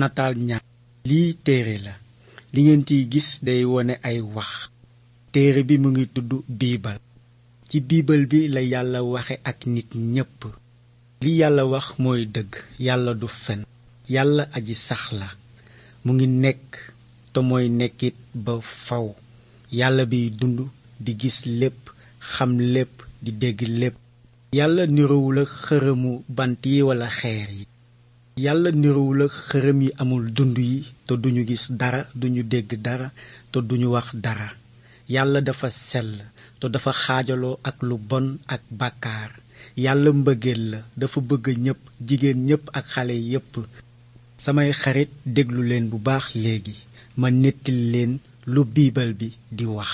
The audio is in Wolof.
nataal ñaar lii téere la li ngeen ciy gis day wone ay wax téere bi mu ngi tudd biibal ci biibal bi la yàlla waxe ak nit ñépp li yàlla wax mooy dëgg yàlla du fen yàlla aji sax la mu ngi nekk te mooy nekkit ba faw yàlla biy dund di gis lépp xam lépp di dégg lépp yàlla niroowul ak xërëmu bant yi walla xeer yi yàlla niruwul ak xërëm yi amul dund yi te duñu gis dara duñu dégg dara te duñu wax dara yàlla dafa sell te dafa xaajaloo ak lu bon ak bàkkaar yàlla mbëggeel la dafa bëgg ñépp jigéen ñépp ak xale yépp samay xarit déglu leen bu baax léegi ma nettali leen lu biibal bi di wax